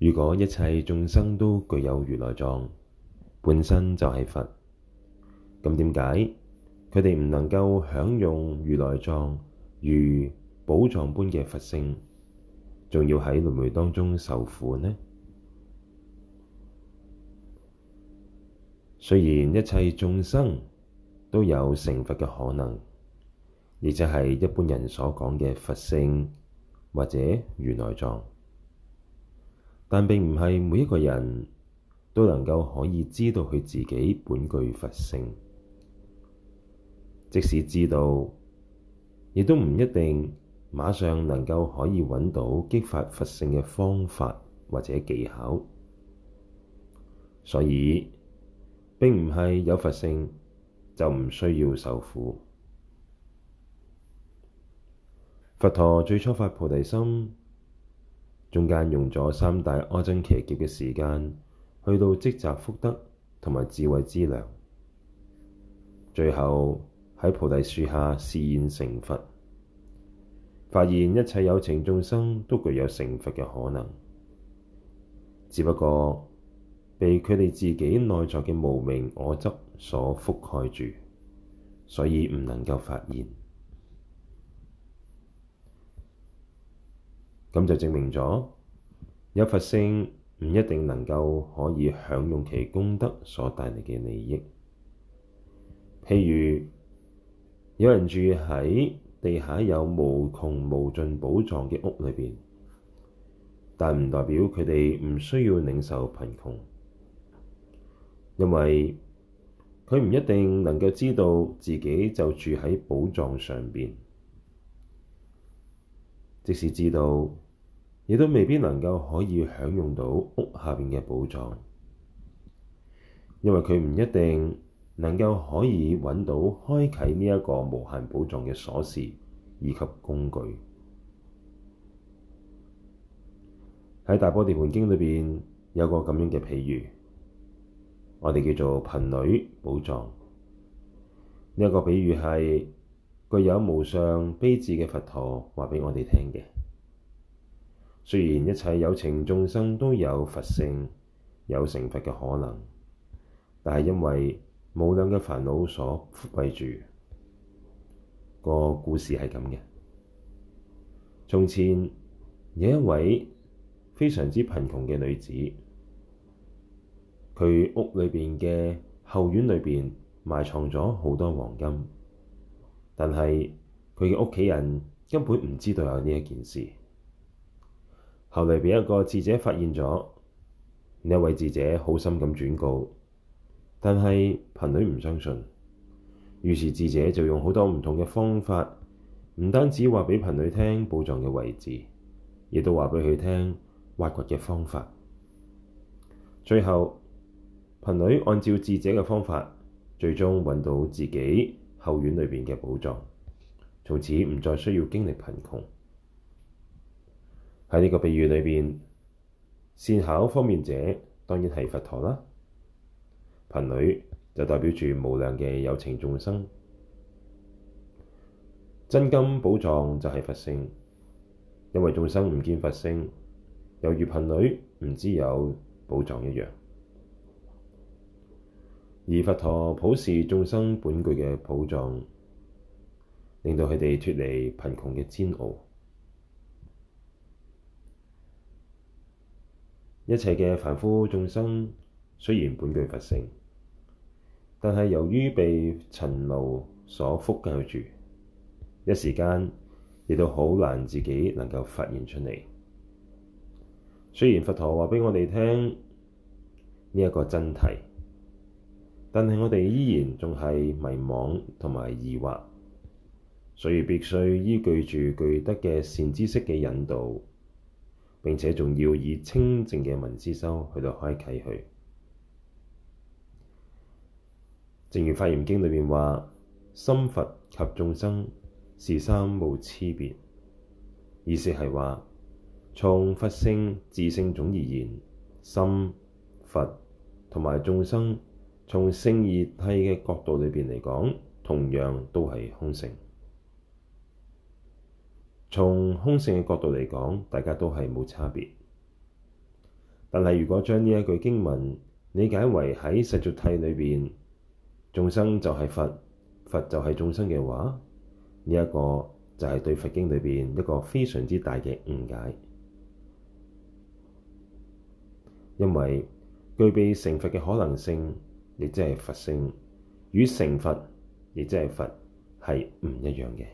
如果一切眾生都具有如來藏，本身就係佛，咁點解佢哋唔能夠享用如來藏如寶藏般嘅佛性，仲要喺輪迴當中受苦呢？雖然一切眾生都有成佛嘅可能，亦就係一般人所講嘅佛性或者如來藏。但並唔係每一個人都能夠可以知道佢自己本具佛性，即使知道，亦都唔一定馬上能夠可以揾到激發佛性嘅方法或者技巧。所以並唔係有佛性就唔需要受苦。佛陀最初發菩提心，中間用咗三大阿僧衹劫嘅時間，去到積集福德同埋智慧之糧，最後喺菩提樹下示現成佛，發現一切有情眾生都具有成佛嘅可能，只不過被佢哋自己內在嘅無明我執所覆蓋住，所以唔能夠發現。咁就證明咗，有佛性唔一定能夠可以享用其功德所帶嚟嘅利益。譬如有人住喺地下有無窮無盡寶藏嘅屋裏邊，但唔代表佢哋唔需要領受貧窮，因為佢唔一定能夠知道自己就住喺寶藏上邊。即使知道，亦都未必能夠可以享用到屋下面嘅寶藏，因為佢唔一定能夠可以搵到開啟呢一個無限寶藏嘅鎖匙以及工具。喺《大般涅槃經裡面》裏邊有個咁樣嘅比喻，我哋叫做貧女寶藏。呢一個比喻係，具有無上悲智嘅佛陀話畀我哋聽嘅，雖然一切有情眾生都有佛性、有成佛嘅可能，但係因為無量嘅煩惱所覆蓋住。個故事係咁嘅，從前有一位非常之貧窮嘅女子，佢屋裏邊嘅後院裏邊埋藏咗好多黃金。但係佢嘅屋企人根本唔知道有呢一件事。後嚟被一個智者發現咗，呢一位智者好心咁轉告，但係貧女唔相信。於是智者就用好多唔同嘅方法，唔單止話畀貧女聽寶藏嘅位置，亦都話畀佢聽挖掘嘅方法。最後貧女按照智者嘅方法，最終揾到自己後院裏邊嘅寶藏，從此唔再需要經歷貧窮。喺呢個比喻裏邊，善巧方便者當然係佛陀啦。貧女就代表住無量嘅有情眾生，真金寶藏就係佛性。因為眾生唔見佛性，猶如貧女唔知有寶藏一樣。而佛陀普示眾生本具嘅寶藏，令到佢哋脫離貧窮嘅煎熬。一切嘅凡夫眾生雖然本具佛性，但係由於被塵霧所覆蓋住，一時間亦都好難自己能夠發現出嚟。雖然佛陀話畀我哋聽呢一個真諦。但係我哋依然仲係迷茫同埋疑惑，所以必須依據住具德嘅善知識嘅引導，並且仲要以清淨嘅聞思修去到開啟佢。正如《華嚴經》裏面話：心佛及眾生，是三無差別。意思係話，從佛性自性種而言，心佛同埋眾生。從勝義諦嘅角度裏邊嚟講，同樣都係空性。從空性嘅角度嚟講，大家都係冇差別。但係如果將呢一句經文理解為喺世俗諦裏邊，眾生就係佛，佛就係眾生嘅話，呢、這、一個就係對佛經裏邊一個非常之大嘅誤解，因為具備成佛嘅可能性。你真係佛性與成佛，你真係佛係唔一樣嘅。